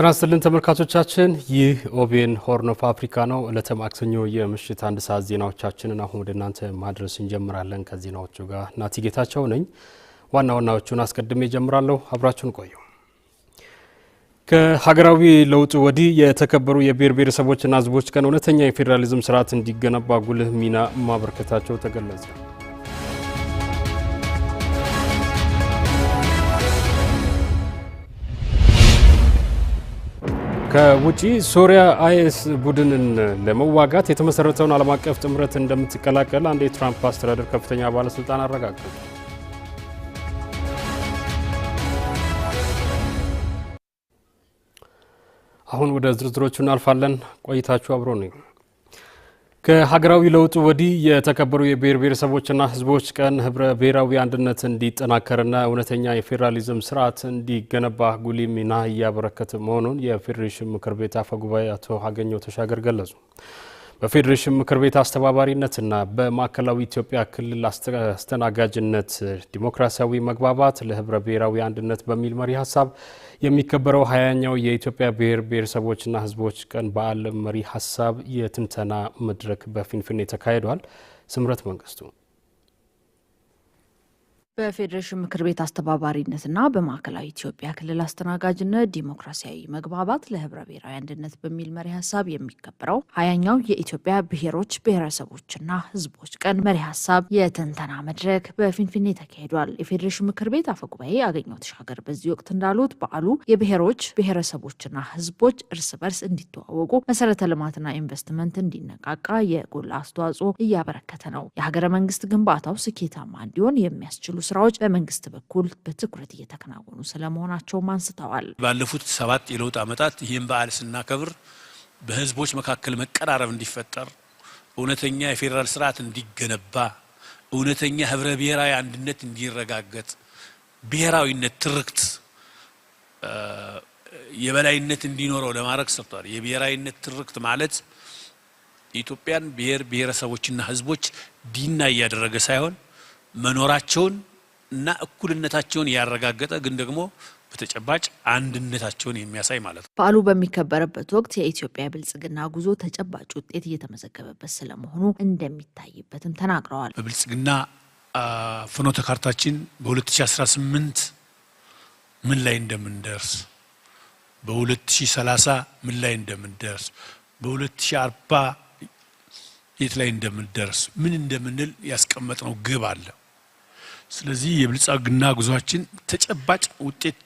ጤና ይስጥልን ተመልካቾቻችን፣ ይህ ኦቤን ሆርን ኦፍ አፍሪካ ነው። ዕለተ ማክሰኞ የምሽት አንድ ሰዓት ዜናዎቻችንን አሁን ወደ እናንተ ማድረስ እንጀምራለን። ከዜናዎቹ ጋር ናቲ ጌታቸው ነኝ። ዋና ዋናዎቹን አስቀድሜ ጀምራለሁ አብራችሁን ቆዩ። ከሀገራዊ ለውጡ ወዲህ የተከበሩ የብሔር ብሔረሰቦችና ሕዝቦች ቀን እውነተኛ የፌዴራሊዝም ስርዓት እንዲገነባ ጉልህ ሚና ማበርከታቸው ተገለጸ። ከውጪ ሶሪያ አይኤስ ቡድንን ለመዋጋት የተመሰረተውን ዓለም አቀፍ ጥምረት እንደምትቀላቀል አንድ የትራምፕ አስተዳደር ከፍተኛ ባለስልጣን አረጋገጡ። አሁን ወደ ዝርዝሮቹ እናልፋለን። ቆይታችሁ አብሮ ነው። ከሀገራዊ ለውጡ ወዲህ የተከበሩ የብሔር ብሔረሰቦችና ሕዝቦች ቀን ህብረ ብሔራዊ አንድነት እንዲጠናከርና እውነተኛ የፌዴራሊዝም ስርዓት እንዲገነባ ጉልህ ሚና እያበረከተ መሆኑን የፌዴሬሽን ምክር ቤት አፈ ጉባኤ አቶ አገኘሁ ተሻገር ገለጹ። በፌዴሬሽን ምክር ቤት አስተባባሪነትና በማዕከላዊ ኢትዮጵያ ክልል አስተናጋጅነት ዲሞክራሲያዊ መግባባት ለህብረ ብሔራዊ አንድነት በሚል መሪ ሀሳብ የሚከበረው ሀያኛው የኢትዮጵያ ብሔር ብሔረሰቦችና ሕዝቦች ቀን በዓል መሪ ሀሳብ የትንተና መድረክ በፊንፊኔ ተካሂዷል። ስምረት መንግስቱ በፌዴሬሽን ምክር ቤት አስተባባሪነትና በማዕከላዊ ኢትዮጵያ ክልል አስተናጋጅነት ዲሞክራሲያዊ መግባባት ለህብረ ብሔራዊ አንድነት በሚል መሪ ሀሳብ የሚከበረው ሀያኛው የኢትዮጵያ ብሔሮች ብሔረሰቦችና ህዝቦች ቀን መሪ ሀሳብ የትንተና መድረክ በፊንፊኔ ተካሂዷል። የፌዴሬሽን ምክር ቤት አፈ ጉባኤ አገኘሁ ተሻገር በዚህ ወቅት እንዳሉት በዓሉ የብሔሮች ብሔረሰቦችና ህዝቦች እርስ በርስ እንዲተዋወቁ፣ መሰረተ ልማትና ኢንቨስትመንት እንዲነቃቃ የጎላ አስተዋጽኦ እያበረከተ ነው። የሀገረ መንግስት ግንባታው ስኬታማ እንዲሆን የሚያስችሉ ስራዎች በመንግስት በኩል በትኩረት እየተከናወኑ ስለመሆናቸውም አንስተዋል። ባለፉት ሰባት የለውጥ ዓመታት ይህን በዓል ስናከብር በህዝቦች መካከል መቀራረብ እንዲፈጠር፣ እውነተኛ የፌዴራል ስርዓት እንዲገነባ፣ እውነተኛ ህብረ ብሔራዊ አንድነት እንዲረጋገጥ፣ ብሔራዊነት ትርክት የበላይነት እንዲኖረው ለማድረግ ሰርቷል። የብሔራዊነት ትርክት ማለት የኢትዮጵያን ብሔር ብሔረሰቦችና ህዝቦች ዲና እያደረገ ሳይሆን መኖራቸውን እና እኩልነታቸውን ያረጋገጠ ግን ደግሞ በተጨባጭ አንድነታቸውን የሚያሳይ ማለት ነው። በዓሉ በሚከበርበት ወቅት የኢትዮጵያ ብልጽግና ጉዞ ተጨባጭ ውጤት እየተመዘገበበት ስለመሆኑ እንደሚታይበትም ተናግረዋል። በብልጽግና ፍኖተ ካርታችን በ2018 ምን ላይ እንደምንደርስ፣ በ2030 ምን ላይ እንደምንደርስ፣ በ2040 የት ላይ እንደምንደርስ ምን እንደምንል ያስቀመጥነው ግብ አለ። ስለዚህ የብልጻግና ጉዟችን ተጨባጭ ውጤት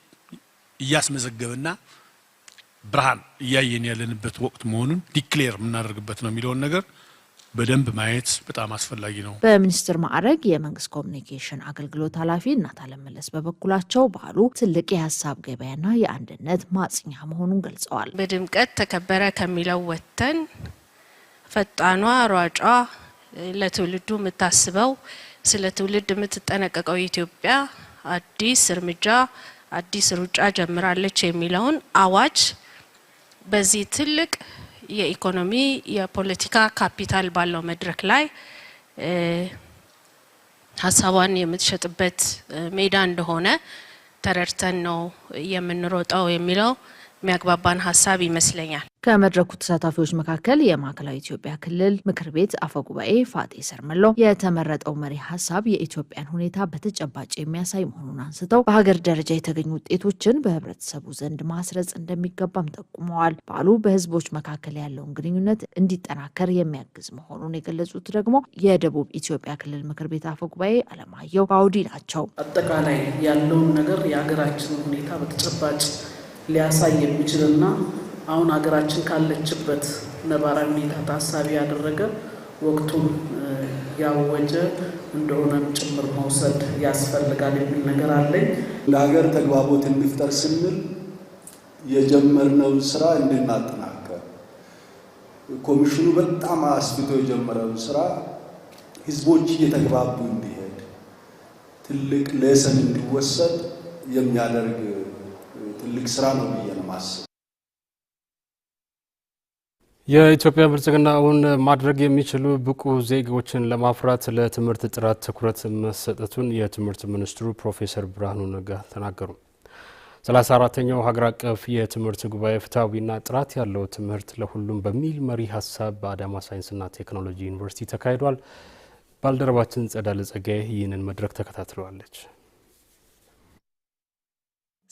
እያስመዘገበና ብርሃን እያየን ያለንበት ወቅት መሆኑን ዲክሌር የምናደርግበት ነው የሚለውን ነገር በደንብ ማየት በጣም አስፈላጊ ነው። በሚኒስትር ማዕረግ የመንግስት ኮሚኒኬሽን አገልግሎት ኃላፊ እናት አለመለስ በበኩላቸው በዓሉ ትልቅ የሀሳብ ገበያና የአንድነት ማጽኛ መሆኑን ገልጸዋል። በድምቀት ተከበረ ከሚለው ወጥተን ፈጣኗ ሯጯ ለትውልዱ የምታስበው ስለ ትውልድ የምትጠነቀቀው ኢትዮጵያ አዲስ እርምጃ አዲስ ሩጫ ጀምራለች የሚለውን አዋጅ በዚህ ትልቅ የኢኮኖሚ የፖለቲካ ካፒታል ባለው መድረክ ላይ ሀሳቧን የምትሸጥበት ሜዳ እንደሆነ ተረድተን ነው የምንሮጠው የሚለው የሚያግባባን ሀሳብ ይመስለኛል። ከመድረኩ ተሳታፊዎች መካከል የማዕከላዊ ኢትዮጵያ ክልል ምክር ቤት አፈ ጉባኤ ፋጤ ሰርመሎ የተመረጠው መሪ ሀሳብ የኢትዮጵያን ሁኔታ በተጨባጭ የሚያሳይ መሆኑን አንስተው በሀገር ደረጃ የተገኙ ውጤቶችን በህብረተሰቡ ዘንድ ማስረጽ እንደሚገባም ጠቁመዋል። በዓሉ በህዝቦች መካከል ያለውን ግንኙነት እንዲጠናከር የሚያግዝ መሆኑን የገለጹት ደግሞ የደቡብ ኢትዮጵያ ክልል ምክር ቤት አፈ ጉባኤ አለማየሁ ባውዲ ናቸው። አጠቃላይ ያለውን ነገር የሀገራችንን ሁኔታ በተጨባጭ ሊያሳይ የሚችልና አሁን ሀገራችን ካለችበት ነባራዊ ሁኔታ ታሳቢ ያደረገ ወቅቱን ያወጀ እንደሆነም ጭምር መውሰድ ያስፈልጋል የሚል ነገር አለኝ። ለሀገር ተግባቦት እንፍጠር ስንል የጀመርነውን ስራ እንድናጠናከር ኮሚሽኑ በጣም አስፍቶ የጀመረውን ስራ ህዝቦች እየተግባቡ እንዲሄድ ትልቅ ሌሰን እንዲወሰድ የሚያደርግ ትልቅ ስራ ነው ብዬ ነው ማስብ። የኢትዮጵያ ብልጽግናውን ማድረግ የሚችሉ ብቁ ዜጎችን ለማፍራት ለትምህርት ጥራት ትኩረት መሰጠቱን የትምህርት ሚኒስትሩ ፕሮፌሰር ብርሃኑ ነጋ ተናገሩ። 34ተኛው ሀገር አቀፍ የትምህርት ጉባኤ ፍትሐዊና ጥራት ያለው ትምህርት ለሁሉም በሚል መሪ ሀሳብ በአዳማ ሳይንስና ቴክኖሎጂ ዩኒቨርሲቲ ተካሂዷል። ባልደረባችን ጸዳለ ጸጋዬ ይህንን መድረክ ተከታትለዋለች።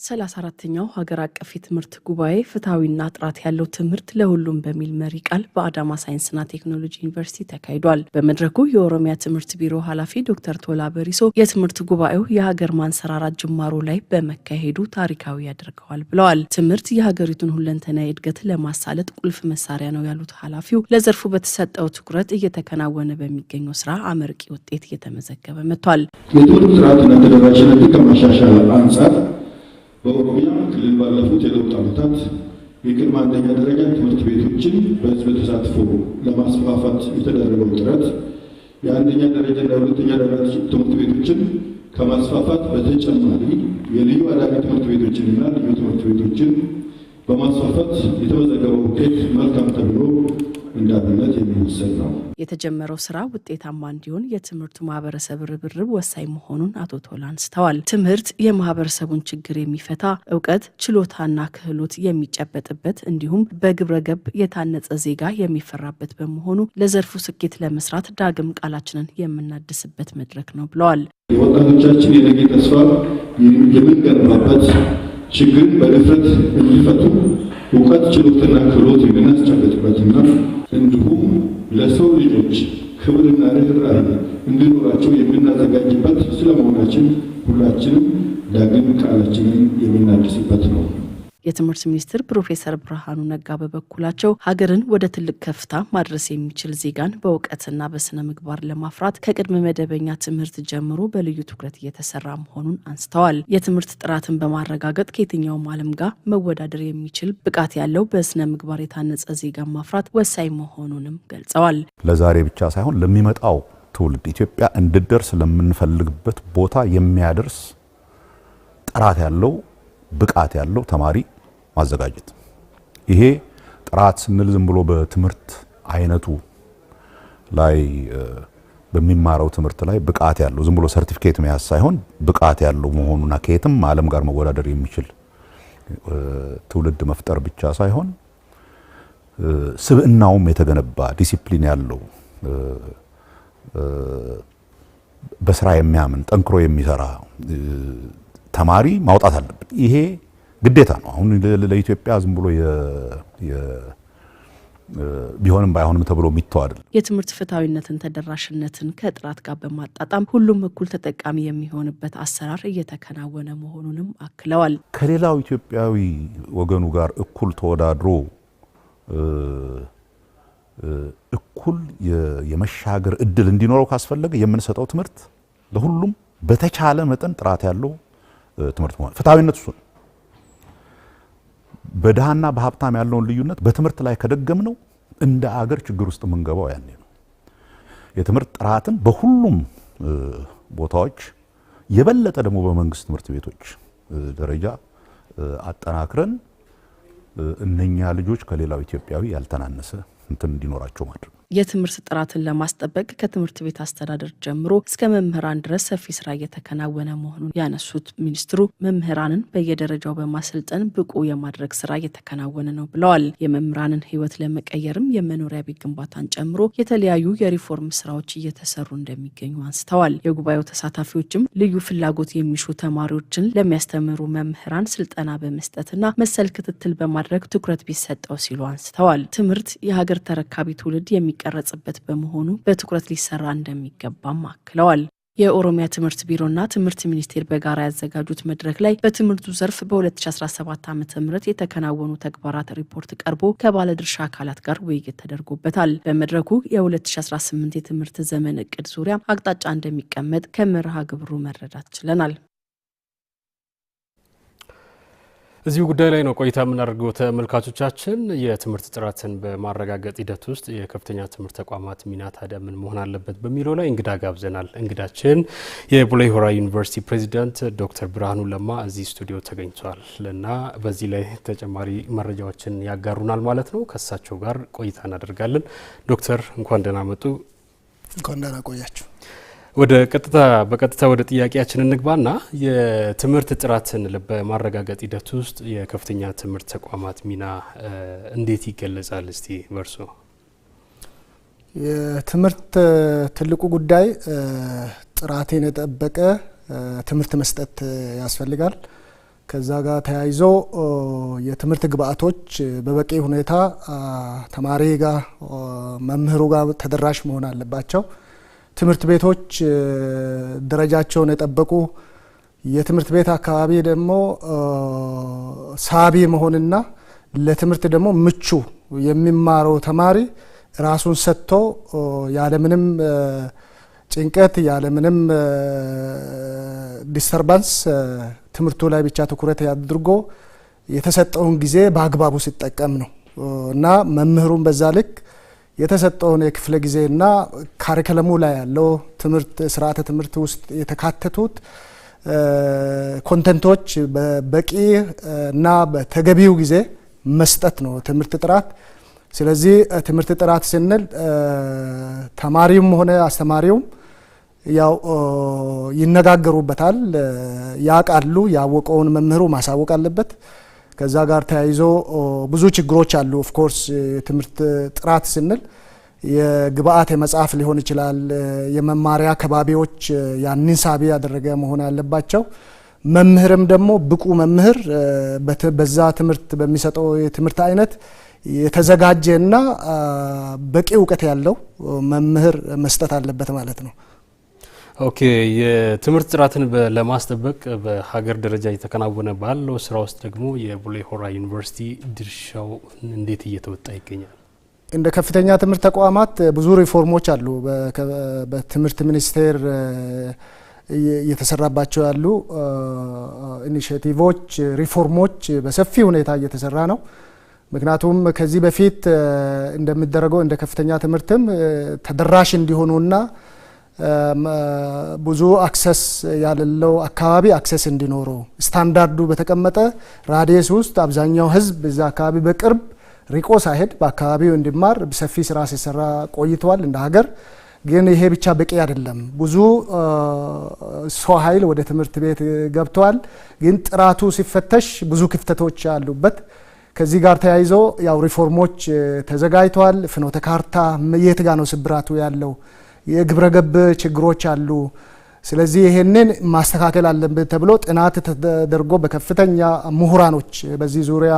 ሰላሳ ኛው ሀገር አቀፍ የትምህርት ጉባኤ ፍትሐዊና ጥራት ያለው ትምህርት ለሁሉም በሚል መሪ ቃል በአዳማ ሳይንስና ቴክኖሎጂ ዩኒቨርሲቲ ተካሂዷል። በመድረኩ የኦሮሚያ ትምህርት ቢሮ ኃላፊ ዶክተር ቶላ በሪሶ የትምህርት ጉባኤው የሀገር ማንሰራራት ጅማሮ ላይ በመካሄዱ ታሪካዊ ያደርገዋል ብለዋል። ትምህርት የሀገሪቱን ሁለንተና እድገት ለማሳለጥ ቁልፍ መሳሪያ ነው ያሉት ኃላፊው ለዘርፉ በተሰጠው ትኩረት እየተከናወነ በሚገኘው ስራ አመርቂ ውጤት እየተመዘገበ መጥቷል። የትምህርት ስርዓትና ተደራሽነት ከማሻሻል አንጻር በኦሮሚያ ክልል ባለፉት የለውጥ ዓመታት የቅድመ አንደኛ ደረጃ ትምህርት ቤቶችን በህዝብ ተሳትፎ ለማስፋፋት የተደረገው ጥረት የአንደኛ ደረጃና የሁለተኛ ደረጃ ትምህርት ቤቶችን ከማስፋፋት በተጨማሪ የልዩ አዳጊ ትምህርት ቤቶችንና ልዩ ትምህርት ቤቶችን በማስፋፋት የተመዘገበው ውጤት መልካም ተብሎ እንዳብነት የሚወሰድ ነው። የተጀመረው ስራ ውጤታማ እንዲሆን የትምህርቱ ማህበረሰብ ርብርብ ወሳኝ መሆኑን አቶ ቶላ አንስተዋል። ትምህርት የማህበረሰቡን ችግር የሚፈታ እውቀት፣ ችሎታና ክህሎት የሚጨበጥበት እንዲሁም በግብረ ገብ የታነጸ ዜጋ የሚፈራበት በመሆኑ ለዘርፉ ስኬት ለመስራት ዳግም ቃላችንን የምናድስበት መድረክ ነው ብለዋል። የወጣቶቻችን የነገ ተስፋ የምንገነባበት ችግር በድፍረት እንዲፈቱ እውቀት ችሎትና ክህሎት የምናስጨበጥበትና እንዲሁም ለሰው ልጆች ክብርና ርኅራኄ እንዲኖራቸው የምናዘጋጅበት ስለመሆናችን ሁላችንም ዳግም ቃላችንን የምናድስበት ነው። የትምህርት ሚኒስትር ፕሮፌሰር ብርሃኑ ነጋ በበኩላቸው ሀገርን ወደ ትልቅ ከፍታ ማድረስ የሚችል ዜጋን በእውቀትና በስነ ምግባር ለማፍራት ከቅድመ መደበኛ ትምህርት ጀምሮ በልዩ ትኩረት እየተሰራ መሆኑን አንስተዋል። የትምህርት ጥራትን በማረጋገጥ ከየትኛውም ዓለም ጋር መወዳደር የሚችል ብቃት ያለው በስነ ምግባር የታነጸ ዜጋን ማፍራት ወሳኝ መሆኑንም ገልጸዋል። ለዛሬ ብቻ ሳይሆን ለሚመጣው ትውልድ ኢትዮጵያ እንድደርስ ለምንፈልግበት ቦታ የሚያደርስ ጥራት ያለው ብቃት ያለው ተማሪ ማዘጋጀት። ይሄ ጥራት ስንል ዝም ብሎ በትምህርት አይነቱ ላይ በሚማረው ትምህርት ላይ ብቃት ያለው ዝም ብሎ ሰርቲፊኬት መያዝ ሳይሆን ብቃት ያለው መሆኑና ከየትም ዓለም ጋር መወዳደር የሚችል ትውልድ መፍጠር ብቻ ሳይሆን ስብዕናውም የተገነባ ዲሲፕሊን ያለው በስራ የሚያምን ጠንክሮ የሚሰራ ተማሪ ማውጣት አለብን። ይሄ ግዴታ ነው። አሁን ለኢትዮጵያ ዝም ብሎ ቢሆንም ባይሆንም ተብሎ የሚተው አይደለም። የትምህርት ፍትሐዊነትን፣ ተደራሽነትን ከጥራት ጋር በማጣጣም ሁሉም እኩል ተጠቃሚ የሚሆንበት አሰራር እየተከናወነ መሆኑንም አክለዋል። ከሌላው ኢትዮጵያዊ ወገኑ ጋር እኩል ተወዳድሮ እኩል የመሻገር እድል እንዲኖረው ካስፈለገ የምንሰጠው ትምህርት ለሁሉም በተቻለ መጠን ጥራት ያለው ትምህርት መሆን ፍትሐዊነት እሱ ነው። በድሃና በሀብታም ያለውን ልዩነት በትምህርት ላይ ከደገም ነው እንደ አገር ችግር ውስጥ የምንገባው ያኔ ነው። የትምህርት ጥራትን በሁሉም ቦታዎች የበለጠ ደግሞ በመንግስት ትምህርት ቤቶች ደረጃ አጠናክረን እነኛ ልጆች ከሌላው ኢትዮጵያዊ ያልተናነሰ እንትን እንዲኖራቸው ማድረግ የትምህርት ጥራትን ለማስጠበቅ ከትምህርት ቤት አስተዳደር ጀምሮ እስከ መምህራን ድረስ ሰፊ ስራ እየተከናወነ መሆኑን ያነሱት ሚኒስትሩ መምህራንን በየደረጃው በማሰልጠን ብቁ የማድረግ ስራ እየተከናወነ ነው ብለዋል። የመምህራንን ህይወት ለመቀየርም የመኖሪያ ቤት ግንባታን ጨምሮ የተለያዩ የሪፎርም ስራዎች እየተሰሩ እንደሚገኙ አንስተዋል። የጉባኤው ተሳታፊዎችም ልዩ ፍላጎት የሚሹ ተማሪዎችን ለሚያስተምሩ መምህራን ስልጠና በመስጠትና መሰል ክትትል በማድረግ ትኩረት ቢሰጠው ሲሉ አንስተዋል። ትምህርት የሀገር ተረካቢ ትውልድ የሚ የሚቀረጽበት በመሆኑ በትኩረት ሊሰራ እንደሚገባም አክለዋል። የኦሮሚያ ትምህርት ቢሮና ትምህርት ሚኒስቴር በጋራ ያዘጋጁት መድረክ ላይ በትምህርቱ ዘርፍ በ2017 ዓ ም የተከናወኑ ተግባራት ሪፖርት ቀርቦ ከባለድርሻ አካላት ጋር ውይይት ተደርጎበታል። በመድረኩ የ2018 የትምህርት ዘመን እቅድ ዙሪያ አቅጣጫ እንደሚቀመጥ ከመርሃ ግብሩ መረዳት ችለናል። እዚሁ ጉዳይ ላይ ነው ቆይታ የምናደርገው ተመልካቾቻችን። የትምህርት ጥራትን በማረጋገጥ ሂደት ውስጥ የከፍተኛ ትምህርት ተቋማት ሚና ታዲያ ምን መሆን አለበት በሚለው ላይ እንግዳ ጋብዘናል። እንግዳችን የቡሌ ሆራ ዩኒቨርሲቲ ፕሬዚዳንት ዶክተር ብርሃኑ ለማ እዚህ ስቱዲዮ ተገኝቷል እና በዚህ ላይ ተጨማሪ መረጃዎችን ያጋሩናል ማለት ነው። ከእሳቸው ጋር ቆይታ እናደርጋለን። ዶክተር እንኳን ደህና መጡ። እንኳን ደህና ቆያችሁ። ወደ ቀጥታ በቀጥታ ወደ ጥያቄያችን እንግባና የትምህርት ጥራትን በማረጋገጥ ሂደት ውስጥ የከፍተኛ ትምህርት ተቋማት ሚና እንዴት ይገለጻል? እስቲ በርሶ። የትምህርት ትልቁ ጉዳይ ጥራቴን የጠበቀ ትምህርት መስጠት ያስፈልጋል። ከዛ ጋር ተያይዞ የትምህርት ግብአቶች በበቂ ሁኔታ ተማሪ ጋር መምህሩ ጋር ተደራሽ መሆን አለባቸው። ትምህርት ቤቶች ደረጃቸውን የጠበቁ የትምህርት ቤት አካባቢ ደግሞ ሳቢ መሆንና ለትምህርት ደግሞ ምቹ የሚማረው ተማሪ ራሱን ሰጥቶ ያለምንም ጭንቀት ያለምንም ዲስተርባንስ ትምህርቱ ላይ ብቻ ትኩረት አድርጎ የተሰጠውን ጊዜ በአግባቡ ሲጠቀም ነው እና መምህሩን በዛ ልክ የተሰጠውን የክፍለ ጊዜና ካሪከለሙ ላይ ያለው ትምህርት ስርዓተ ትምህርት ውስጥ የተካተቱት ኮንተንቶች በበቂ እና በተገቢው ጊዜ መስጠት ነው ትምህርት ጥራት። ስለዚህ ትምህርት ጥራት ስንል ተማሪውም ሆነ አስተማሪውም ያው ይነጋገሩበታል፣ ያውቃሉ። ያወቀውን መምህሩ ማሳወቅ አለበት። ከዛ ጋር ተያይዞ ብዙ ችግሮች አሉ። ኦፍኮርስ የትምህርት ጥራት ስንል የግብአት የመጽሐፍ ሊሆን ይችላል። የመማሪያ ከባቢዎች ያንን ሳቢ ያደረገ መሆን አለባቸው። መምህርም ደግሞ ብቁ መምህር በዛ ትምህርት በሚሰጠው የትምህርት አይነት የተዘጋጀ እና በቂ እውቀት ያለው መምህር መስጠት አለበት ማለት ነው። ኦኬ የትምህርት ጥራትን ለማስጠበቅ በሀገር ደረጃ እየተከናወነ ባለው ስራ ውስጥ ደግሞ የቡሌ ሆራ ዩኒቨርሲቲ ድርሻው እንዴት እየተወጣ ይገኛል? እንደ ከፍተኛ ትምህርት ተቋማት ብዙ ሪፎርሞች አሉ። በትምህርት ሚኒስቴር እየተሰራባቸው ያሉ ኢኒሽቲቮች፣ ሪፎርሞች በሰፊ ሁኔታ እየተሰራ ነው። ምክንያቱም ከዚህ በፊት እንደሚደረገው እንደ ከፍተኛ ትምህርትም ተደራሽ እንዲሆኑና ብዙ አክሰስ ያለው አካባቢ አክሰስ እንዲኖረው ስታንዳርዱ በተቀመጠ ራዲየስ ውስጥ አብዛኛው ህዝብ እዛ አካባቢ በቅርብ ሪቆ ሳይሄድ በአካባቢው እንዲማር ሰፊ ስራ ሲሰራ ቆይተዋል እንደ ሀገር። ግን ይሄ ብቻ በቂ አይደለም። ብዙ ሰው ኃይል ወደ ትምህርት ቤት ገብተዋል። ግን ጥራቱ ሲፈተሽ ብዙ ክፍተቶች ያሉበት ከዚህ ጋር ተያይዞ ያው ሪፎርሞች ተዘጋጅተዋል። ፍኖተ ካርታ የት ጋ ነው ስብራቱ ያለው የግብረ ገብ ችግሮች አሉ። ስለዚህ ይሄንን ማስተካከል አለብን ተብሎ ጥናት ተደርጎ በከፍተኛ ምሁራኖች በዚህ ዙሪያ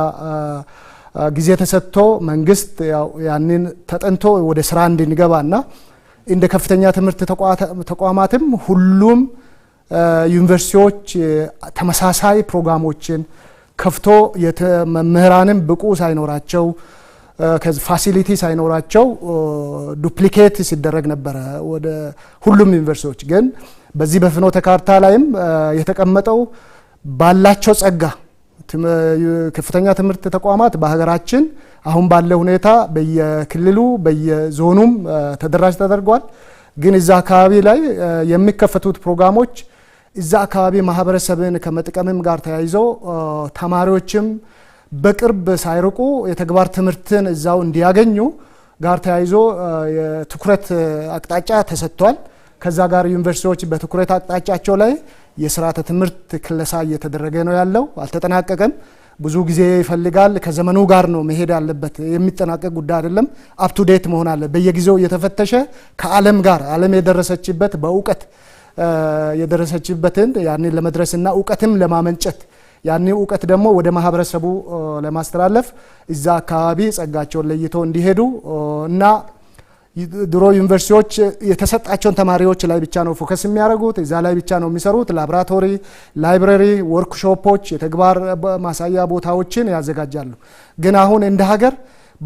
ጊዜ ተሰጥቶ መንግስት ያንን ተጠንቶ ወደ ስራ እንድንገባና እንደ ከፍተኛ ትምህርት ተቋማትም ሁሉም ዩኒቨርሲቲዎች ተመሳሳይ ፕሮግራሞችን ከፍቶ መምህራንም ብቁ ሳይኖራቸው ፋሲሊቲ ሳይኖራቸው ዱፕሊኬት ሲደረግ ነበረ ወደ ሁሉም ዩኒቨርሲቲዎች። ግን በዚህ በፍኖተ ካርታ ላይም የተቀመጠው ባላቸው ጸጋ ከፍተኛ ትምህርት ተቋማት በሀገራችን አሁን ባለው ሁኔታ በየክልሉ በየዞኑም ተደራጅ ተደርጓል። ግን እዛ አካባቢ ላይ የሚከፈቱት ፕሮግራሞች እዛ አካባቢ ማህበረሰብን ከመጥቀምም ጋር ተያይዘው ተማሪዎችም በቅርብ ሳይርቁ የተግባር ትምህርትን እዛው እንዲያገኙ ጋር ተያይዞ የትኩረት አቅጣጫ ተሰጥቷል። ከዛ ጋር ዩኒቨርሲቲዎች በትኩረት አቅጣጫቸው ላይ የስርዓተ ትምህርት ክለሳ እየተደረገ ነው ያለው። አልተጠናቀቀም፣ ብዙ ጊዜ ይፈልጋል። ከዘመኑ ጋር ነው መሄድ አለበት። የሚጠናቀቅ ጉዳይ አይደለም። አፕቱዴት መሆን አለ። በየጊዜው እየተፈተሸ ከዓለም ጋር ዓለም የደረሰችበት በእውቀት የደረሰችበትን ያንን ለመድረስና እውቀትም ለማመንጨት ያን እውቀት ደግሞ ወደ ማህበረሰቡ ለማስተላለፍ እዛ አካባቢ ጸጋቸውን ለይቶ እንዲሄዱ እና ድሮ ዩኒቨርሲቲዎች የተሰጣቸውን ተማሪዎች ላይ ብቻ ነው ፎከስ የሚያደርጉት፣ እዛ ላይ ብቻ ነው የሚሰሩት። ላብራቶሪ፣ ላይብረሪ፣ ወርክሾፖች፣ የተግባር ማሳያ ቦታዎችን ያዘጋጃሉ። ግን አሁን እንደ ሀገር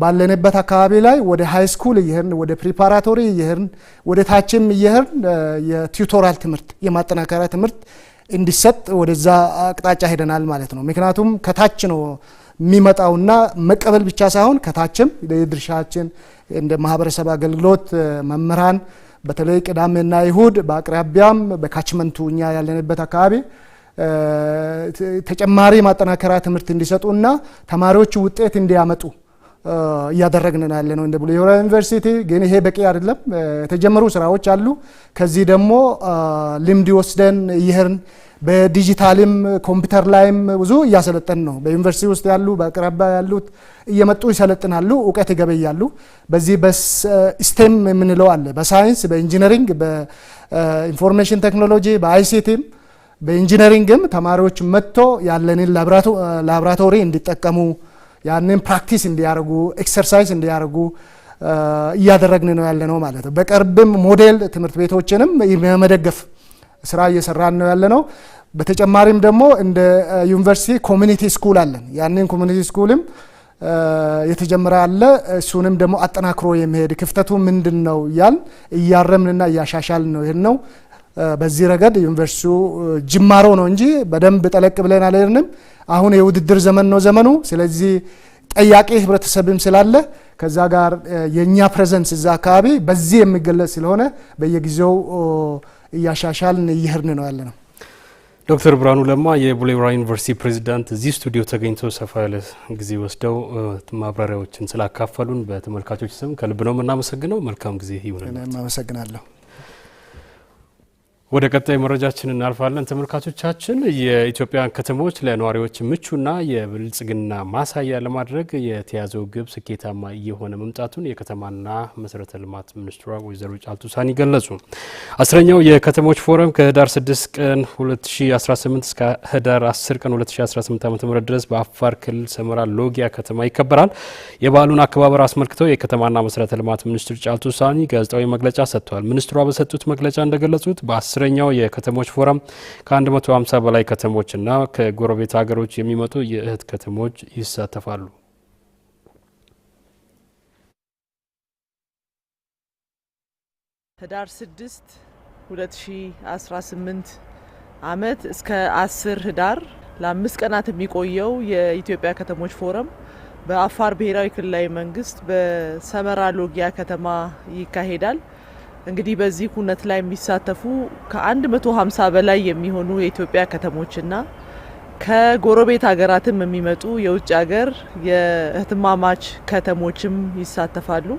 ባለንበት አካባቢ ላይ ወደ ሀይ ስኩል እየሄድን ወደ ፕሪፓራቶሪ እየሄድን ወደ ታችም እየሄድን የቲዩቶራል ትምህርት የማጠናከሪያ ትምህርት እንዲሰጥ ወደዛ አቅጣጫ ሄደናል ማለት ነው። ምክንያቱም ከታች ነው የሚመጣውና መቀበል ብቻ ሳይሆን ከታችም የድርሻችን እንደ ማህበረሰብ አገልግሎት መምህራን በተለይ ቅዳሜና ይሁድ በአቅራቢያም በካችመንቱ እኛ ያለንበት አካባቢ ተጨማሪ ማጠናከሪያ ትምህርት እንዲሰጡና ተማሪዎቹ ውጤት እንዲያመጡ እያደረግን ያለ ነው እንደ ብሎ የወራ ዩኒቨርሲቲ ግን ይሄ በቂ አይደለም። የተጀመሩ ስራዎች አሉ። ከዚህ ደግሞ ልምድ ወስደን ይህን በዲጂታልም ኮምፒውተር ላይም ብዙ እያሰለጠን ነው። በዩኒቨርሲቲ ውስጥ ያሉ በአቅራቢያ ያሉት እየመጡ ይሰለጥናሉ፣ እውቀት ይገበያሉ። በዚህ በስቴም የምንለው አለ በሳይንስ በኢንጂነሪንግ፣ በኢንፎርሜሽን ቴክኖሎጂ፣ በአይሲቲም በኢንጂነሪንግም ተማሪዎች መጥቶ ያለንን ላብራቶሪ እንዲጠቀሙ ያንን ፕራክቲስ እንዲያደርጉ ኤክሰርሳይዝ እንዲያደርጉ እያደረግን ነው ያለ ነው ማለት ነው። በቅርብም ሞዴል ትምህርት ቤቶችንም የመደገፍ ስራ እየሰራን ነው ያለ ነው። በተጨማሪም ደግሞ እንደ ዩኒቨርሲቲ ኮሚኒቲ ስኩል አለን። ያንን ኮሚኒቲ ስኩልም የተጀመረ አለ። እሱንም ደግሞ አጠናክሮ የመሄድ ክፍተቱ ምንድን ነው እያል እያረምንና እያሻሻል ነው ይህን ነው በዚህ ረገድ ዩኒቨርሲቲው ጅማሮ ነው እንጂ በደንብ ጠለቅ ብለን አልሄድንም። አሁን የውድድር ዘመን ነው ዘመኑ። ስለዚህ ጠያቂ ህብረተሰብም ስላለ ከዛ ጋር የእኛ ፕሬዘንስ እዛ አካባቢ በዚህ የሚገለጽ ስለሆነ በየጊዜው እያሻሻልን እየሄድን ነው ያለ ነው። ዶክተር ብርሃኑ ለማ የቡሌ ሆራ ዩኒቨርሲቲ ፕሬዚዳንት፣ እዚህ ስቱዲዮ ተገኝቶ ሰፋ ያለ ጊዜ ወስደው ማብራሪያዎችን ስላካፈሉን በተመልካቾች ስም ከልብ ነው የምናመሰግነው። መልካም ጊዜ ይሁንልን። አመሰግናለሁ። ወደ ቀጣይ መረጃችን እናልፋለን። ተመልካቾቻችን የኢትዮጵያን ከተሞች ለነዋሪዎች ምቹና የብልጽግና ማሳያ ለማድረግ የተያዘው ግብ ስኬታማ እየሆነ መምጣቱን የከተማና መሰረተ ልማት ሚኒስትሯ ወይዘሮ ጫልቱ ሳኒ ገለጹ። አስረኛው የከተሞች ፎረም ከህዳር 6 ቀን 2018 እስከ ህዳር 10 ቀን 2018 ዓ ም ድረስ በአፋር ክልል ሰመራ ሎጊያ ከተማ ይከበራል። የበዓሉን አከባበር አስመልክተው የከተማና መሰረተ ልማት ሚኒስትር ጫልቱ ሳኒ ጋዜጣዊ መግለጫ ሰጥተዋል። ሚኒስትሯ በሰጡት መግለጫ እንደገለጹት በ አስረኛው የከተሞች ፎረም ከ150 በላይ ከተሞችና ከጎረቤት ሀገሮች የሚመጡ የእህት ከተሞች ይሳተፋሉ። ህዳር 6 2018 ዓመት እስከ 10 ህዳር ለአምስት ቀናት የሚቆየው የኢትዮጵያ ከተሞች ፎረም በአፋር ብሔራዊ ክልላዊ መንግስት በሰመራ ሎጊያ ከተማ ይካሄዳል። እንግዲህ በዚህ ኩነት ላይ የሚሳተፉ ከ150 በላይ የሚሆኑ የኢትዮጵያ ከተሞችና ከጎረቤት ሀገራትም የሚመጡ የውጭ ሀገር የህትማማች ከተሞችም ይሳተፋሉ።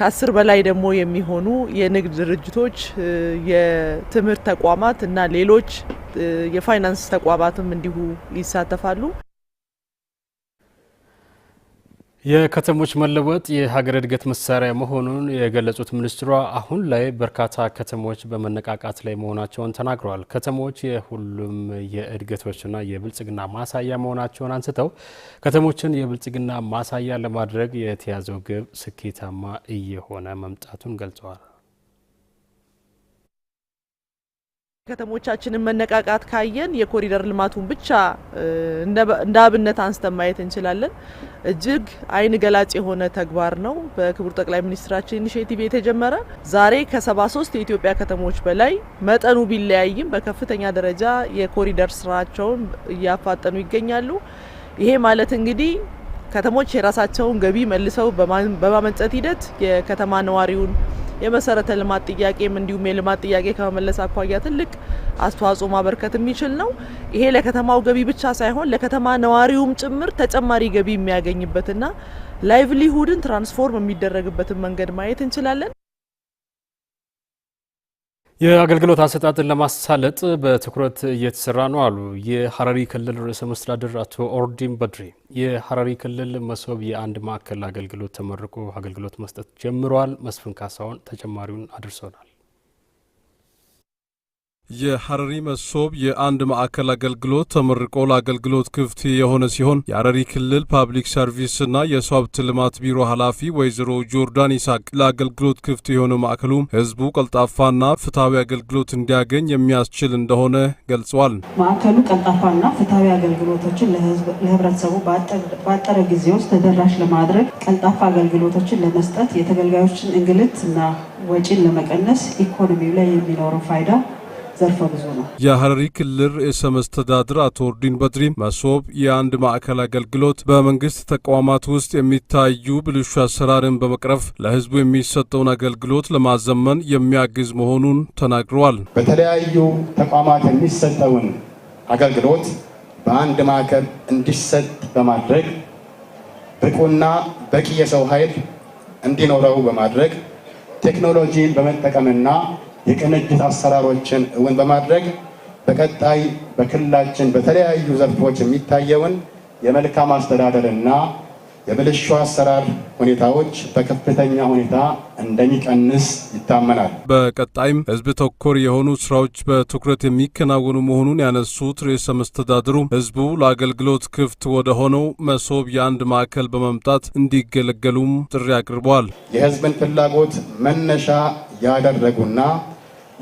ከአስር በላይ ደግሞ የሚሆኑ የንግድ ድርጅቶች፣ የትምህርት ተቋማት እና ሌሎች የፋይናንስ ተቋማትም እንዲሁ ይሳተፋሉ። የከተሞች መለወጥ የሀገር እድገት መሳሪያ መሆኑን የገለጹት ሚኒስትሯ አሁን ላይ በርካታ ከተሞች በመነቃቃት ላይ መሆናቸውን ተናግረዋል። ከተሞች የሁሉም የእድገቶችና የብልጽግና ማሳያ መሆናቸውን አንስተው ከተሞችን የብልጽግና ማሳያ ለማድረግ የተያዘው ግብ ስኬታማ እየሆነ መምጣቱን ገልጸዋል። ከተሞቻችንን መነቃቃት ካየን የኮሪደር ልማቱን ብቻ እንደ አብነት አንስተን ማየት እንችላለን። እጅግ አይን ገላጭ የሆነ ተግባር ነው። በክቡር ጠቅላይ ሚኒስትራችን ኢኒሽቲቭ የተጀመረ ዛሬ ከ73 የኢትዮጵያ ከተሞች በላይ መጠኑ ቢለያይም በከፍተኛ ደረጃ የኮሪደር ስራቸውን እያፋጠኑ ይገኛሉ። ይሄ ማለት እንግዲህ ከተሞች የራሳቸውን ገቢ መልሰው በማመንጨት ሂደት የከተማ ነዋሪውን የመሰረተ ልማት ጥያቄም እንዲሁም የልማት ጥያቄ ከመመለስ አኳያ ትልቅ አስተዋጽኦ ማበርከት የሚችል ነው። ይሄ ለከተማው ገቢ ብቻ ሳይሆን ለከተማ ነዋሪውም ጭምር ተጨማሪ ገቢ የሚያገኝበትና ላይቭሊሁድን ትራንስፎርም የሚደረግበትን መንገድ ማየት እንችላለን። የአገልግሎት አሰጣጥን ለማሳለጥ በትኩረት እየተሰራ ነው አሉ የሐረሪ ክልል ርዕሰ መስተዳድር አቶ ኦርዲን በድሪ። የሐረሪ ክልል መሶብ የአንድ ማዕከል አገልግሎት ተመርቆ አገልግሎት መስጠት ጀምረዋል። መስፍን ካሳሁን ተጨማሪውን አድርሶናል። የሐረሪ መሶብ የአንድ ማዕከል አገልግሎት ተመርቆ ለአገልግሎት ክፍት የሆነ ሲሆን የሐረሪ ክልል ፓብሊክ ሰርቪስና የሰው ሀብት ልማት ቢሮ ኃላፊ ወይዘሮ ጆርዳን ይሳቅ ለአገልግሎት ክፍት የሆነ ማዕከሉ ህዝቡ ቀልጣፋና ፍትሐዊ አገልግሎት እንዲያገኝ የሚያስችል እንደሆነ ገልጸዋል። ማዕከሉ ቀልጣፋና ፍትሐዊ አገልግሎቶችን ለህብረተሰቡ በአጠረ ጊዜ ውስጥ ተደራሽ ለማድረግ ቀልጣፋ አገልግሎቶችን ለመስጠት የተገልጋዮችን እንግልትና ወጪን ለመቀነስ ኢኮኖሚው ላይ የሚኖረው ፋይዳ ዘርፈ ብዙ ነው። የሀረሪ ክልል ርዕሰ መስተዳድር አቶ ኦርዲን በድሪ መሶብ የአንድ ማዕከል አገልግሎት በመንግስት ተቋማት ውስጥ የሚታዩ ብልሹ አሰራርን በመቅረፍ ለህዝቡ የሚሰጠውን አገልግሎት ለማዘመን የሚያግዝ መሆኑን ተናግረዋል። በተለያዩ ተቋማት የሚሰጠውን አገልግሎት በአንድ ማዕከል እንዲሰጥ በማድረግ ብቁና በቂ የሰው ኃይል እንዲኖረው በማድረግ ቴክኖሎጂን በመጠቀምና የቅንጅት አሰራሮችን እውን በማድረግ በቀጣይ በክልላችን በተለያዩ ዘርፎች የሚታየውን የመልካም አስተዳደርና የብልሹ አሰራር ሁኔታዎች በከፍተኛ ሁኔታ እንደሚቀንስ ይታመናል። በቀጣይም ሕዝብ ተኮር የሆኑ ስራዎች በትኩረት የሚከናወኑ መሆኑን ያነሱት ርዕሰ መስተዳድሩ ሕዝቡ ለአገልግሎት ክፍት ወደ ሆነው መሶብ የአንድ ማዕከል በመምጣት እንዲገለገሉም ጥሪ አቅርበዋል። የሕዝብን ፍላጎት መነሻ ያደረጉና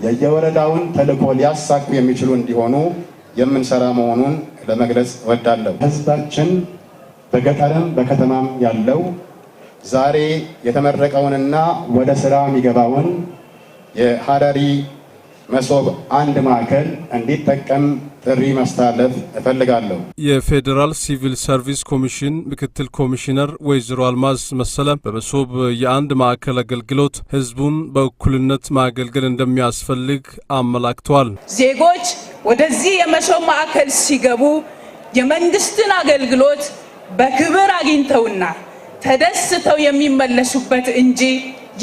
የየወረዳውን ተልዕኮ ሊያሳኩ የሚችሉ እንዲሆኑ የምንሰራ መሆኑን ለመግለጽ እወዳለሁ። ህዝባችን በገጠርም በከተማም ያለው ዛሬ የተመረቀውንና ወደ ስራ የሚገባውን የሀረሪ መሶብ አንድ ማዕከል እንዲጠቀም ጥሪ ማስተላለፍ እፈልጋለሁ። የፌዴራል ሲቪል ሰርቪስ ኮሚሽን ምክትል ኮሚሽነር ወይዘሮ አልማዝ መሰለ በመሶብ የአንድ ማዕከል አገልግሎት ህዝቡን በእኩልነት ማገልገል እንደሚያስፈልግ አመላክተዋል። ዜጎች ወደዚህ የመሶብ ማዕከል ሲገቡ የመንግስትን አገልግሎት በክብር አግኝተውና ተደስተው የሚመለሱበት እንጂ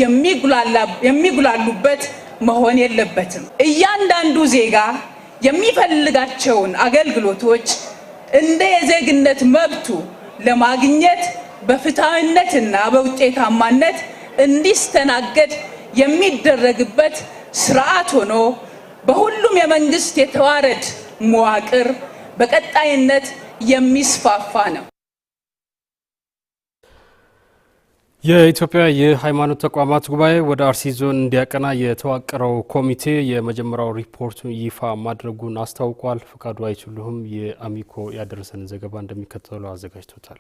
የሚጉላሉበት መሆን የለበትም። እያንዳንዱ ዜጋ የሚፈልጋቸውን አገልግሎቶች እንደ የዜግነት መብቱ ለማግኘት በፍትሐዊነትና በውጤታማነት እንዲስተናገድ የሚደረግበት ስርዓት ሆኖ በሁሉም የመንግስት የተዋረድ መዋቅር በቀጣይነት የሚስፋፋ ነው። የኢትዮጵያ የሃይማኖት ተቋማት ጉባኤ ወደ አርሲ ዞን እንዲያቀና የተዋቀረው ኮሚቴ የመጀመሪያው ሪፖርቱን ይፋ ማድረጉን አስታውቋል። ፍቃዱ አይችሉህም የአሚኮ ያደረሰንን ዘገባ እንደሚከተለው አዘጋጅቶታል።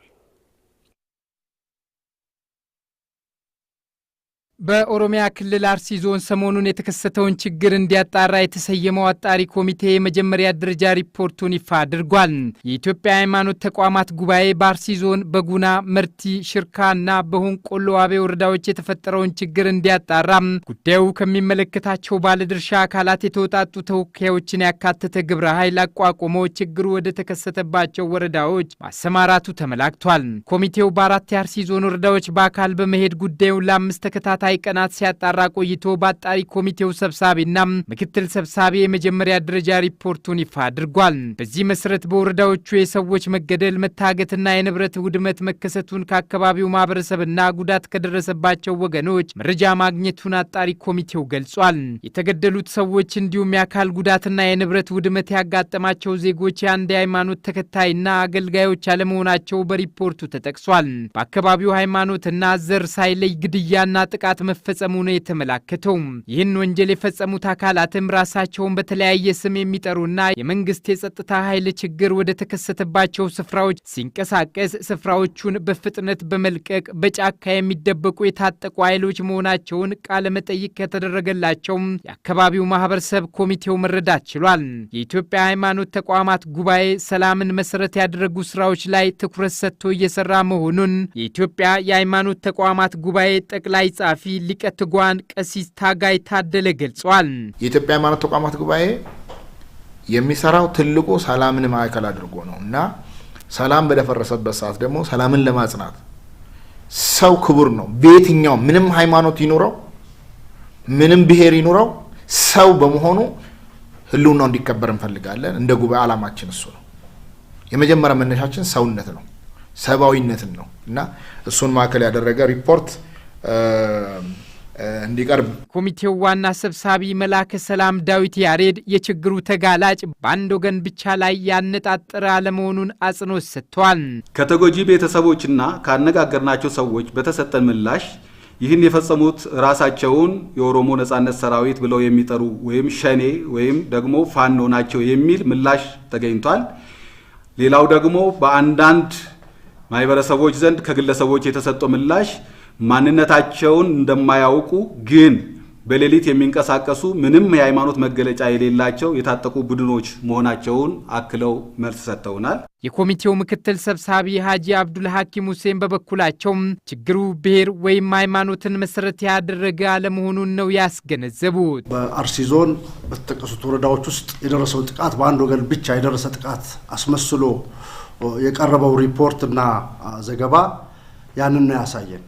በኦሮሚያ ክልል አርሲ ዞን ሰሞኑን የተከሰተውን ችግር እንዲያጣራ የተሰየመው አጣሪ ኮሚቴ የመጀመሪያ ደረጃ ሪፖርቱን ይፋ አድርጓል። የኢትዮጵያ ሃይማኖት ተቋማት ጉባኤ በአርሲ ዞን በጉና መርቲ፣ ሽርካ እና በሆንቆሎ አቤ ወረዳዎች የተፈጠረውን ችግር እንዲያጣራ ጉዳዩ ከሚመለከታቸው ባለድርሻ አካላት የተውጣጡ ተወካዮችን ያካተተ ግብረ ኃይል አቋቁሞ ችግሩ ወደ ተከሰተባቸው ወረዳዎች ማሰማራቱ ተመላክቷል። ኮሚቴው በአራት የአርሲ ዞን ወረዳዎች በአካል በመሄድ ጉዳዩን ለአምስት ተከታታይ ተከታታይ ቀናት ሲያጣራ ቆይቶ በአጣሪ ኮሚቴው ሰብሳቢና ምክትል ሰብሳቢ የመጀመሪያ ደረጃ ሪፖርቱን ይፋ አድርጓል። በዚህ መሰረት በወረዳዎቹ የሰዎች መገደል መታገትና የንብረት ውድመት መከሰቱን ከአካባቢው ማህበረሰብና ጉዳት ከደረሰባቸው ወገኖች መረጃ ማግኘቱን አጣሪ ኮሚቴው ገልጿል። የተገደሉት ሰዎች እንዲሁም የአካል ጉዳትና የንብረት ውድመት ያጋጠማቸው ዜጎች የአንድ የሃይማኖት ተከታይና አገልጋዮች አለመሆናቸው በሪፖርቱ ተጠቅሷል። በአካባቢው ሃይማኖትና ዘር ሳይለይ ግድያና ጥቃት ጥቃት መፈጸሙ ነው የተመላከተው። ይህን ወንጀል የፈጸሙት አካላትም ራሳቸውን በተለያየ ስም የሚጠሩና የመንግስት የጸጥታ ኃይል ችግር ወደ ተከሰተባቸው ስፍራዎች ሲንቀሳቀስ ስፍራዎቹን በፍጥነት በመልቀቅ በጫካ የሚደበቁ የታጠቁ ኃይሎች መሆናቸውን ቃለ መጠይቅ ከተደረገላቸው የአካባቢው ማህበረሰብ ኮሚቴው መረዳት ችሏል። የኢትዮጵያ ሃይማኖት ተቋማት ጉባኤ ሰላምን መሰረት ያደረጉ ስራዎች ላይ ትኩረት ሰጥቶ እየሰራ መሆኑን የኢትዮጵያ የሃይማኖት ተቋማት ጉባኤ ጠቅላይ ጻፊ ኃላፊ ሊቀ ትጉሃን ቀሲስ ታጋይ ታደለ ገልጸዋል። የኢትዮጵያ ሃይማኖት ተቋማት ጉባኤ የሚሰራው ትልቁ ሰላምን ማዕከል አድርጎ ነው እና ሰላም በደፈረሰበት ሰዓት ደግሞ ሰላምን ለማጽናት ሰው ክቡር ነው። በየትኛው ምንም ሃይማኖት ይኑረው፣ ምንም ብሔር ይኑረው፣ ሰው በመሆኑ ህልውናው እንዲከበር እንፈልጋለን። እንደ ጉባኤ ዓላማችን እሱ ነው። የመጀመሪያ መነሻችን ሰውነት ነው፣ ሰብአዊነትን ነው እና እሱን ማዕከል ያደረገ ሪፖርት እንዲቀርብ ኮሚቴው ዋና ሰብሳቢ መላከ ሰላም ዳዊት ያሬድ የችግሩ ተጋላጭ በአንድ ወገን ብቻ ላይ ያነጣጠረ አለመሆኑን አጽንኦት ሰጥቷል። ከተጎጂ ቤተሰቦችና ካነጋገርናቸው ሰዎች በተሰጠን ምላሽ ይህን የፈጸሙት ራሳቸውን የኦሮሞ ነጻነት ሰራዊት ብለው የሚጠሩ ወይም ሸኔ ወይም ደግሞ ፋኖ ናቸው የሚል ምላሽ ተገኝቷል። ሌላው ደግሞ በአንዳንድ ማህበረሰቦች ዘንድ ከግለሰቦች የተሰጠው ምላሽ ማንነታቸውን እንደማያውቁ ግን በሌሊት የሚንቀሳቀሱ ምንም የሃይማኖት መገለጫ የሌላቸው የታጠቁ ቡድኖች መሆናቸውን አክለው መልስ ሰጥተውናል። የኮሚቴው ምክትል ሰብሳቢ ሀጂ አብዱል ሐኪም ሁሴን በበኩላቸው ችግሩ ብሔር ወይም ሃይማኖትን መሰረት ያደረገ አለመሆኑን ነው ያስገነዘቡት። በአርሲ ዞን በተጠቀሱት ወረዳዎች ውስጥ የደረሰው ጥቃት በአንድ ወገን ብቻ የደረሰ ጥቃት አስመስሎ የቀረበው ሪፖርት እና ዘገባ ያንን ነው ያሳየን።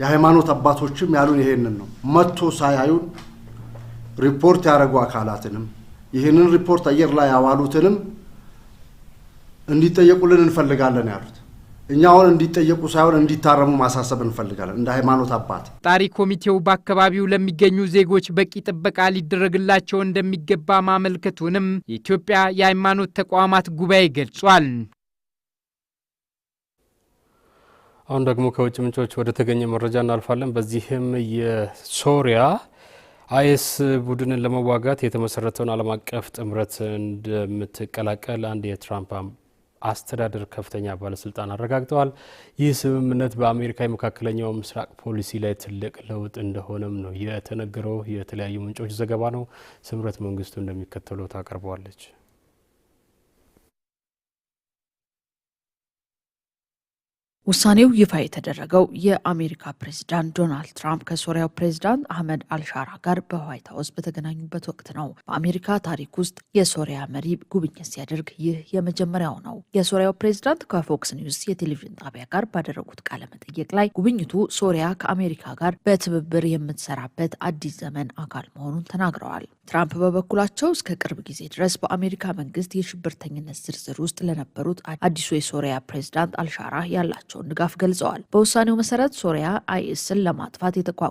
የሃይማኖት አባቶችም ያሉን ይሄንን ነው። መጥቶ ሳያዩን ሪፖርት ያደረጉ አካላትንም ይህንን ሪፖርት አየር ላይ ያዋሉትንም እንዲጠየቁልን እንፈልጋለን ያሉት እኛ አሁን እንዲጠየቁ ሳይሆን እንዲታረሙ ማሳሰብ እንፈልጋለን እንደ ሃይማኖት አባት። ጣሪ ኮሚቴው በአካባቢው ለሚገኙ ዜጎች በቂ ጥበቃ ሊደረግላቸው እንደሚገባ ማመልከቱንም የኢትዮጵያ የሃይማኖት ተቋማት ጉባኤ ገልጿል። አሁን ደግሞ ከውጭ ምንጮች ወደ ተገኘ መረጃ እናልፋለን። በዚህም የሶሪያ አይኤስ ቡድንን ለመዋጋት የተመሰረተውን ዓለም አቀፍ ጥምረት እንደምትቀላቀል አንድ የትራምፕ አስተዳደር ከፍተኛ ባለስልጣን አረጋግጠዋል። ይህ ስምምነት በአሜሪካ የመካከለኛው ምስራቅ ፖሊሲ ላይ ትልቅ ለውጥ እንደሆነም ነው የተነገረው። የተለያዩ ምንጮች ዘገባ ነው። ስምረት መንግስቱ እንደሚከተለው ታቀርበዋለች። ውሳኔው ይፋ የተደረገው የአሜሪካ ፕሬዚዳንት ዶናልድ ትራምፕ ከሶሪያው ፕሬዚዳንት አህመድ አልሻራ ጋር በዋይት ሀውስ በተገናኙበት ወቅት ነው። በአሜሪካ ታሪክ ውስጥ የሶሪያ መሪ ጉብኝት ሲያደርግ ይህ የመጀመሪያው ነው። የሶሪያው ፕሬዚዳንት ከፎክስ ኒውስ የቴሌቪዥን ጣቢያ ጋር ባደረጉት ቃለ መጠየቅ ላይ ጉብኝቱ ሶሪያ ከአሜሪካ ጋር በትብብር የምትሰራበት አዲስ ዘመን አካል መሆኑን ተናግረዋል። ትራምፕ በበኩላቸው እስከ ቅርብ ጊዜ ድረስ በአሜሪካ መንግስት የሽብርተኝነት ዝርዝር ውስጥ ለነበሩት አዲሱ የሶሪያ ፕሬዚዳንት አልሻራ ያላቸው መሆናቸውን ድጋፍ ገልጸዋል። በውሳኔው መሰረት ሶሪያ አይኤስን ለማጥፋት የተቋቋ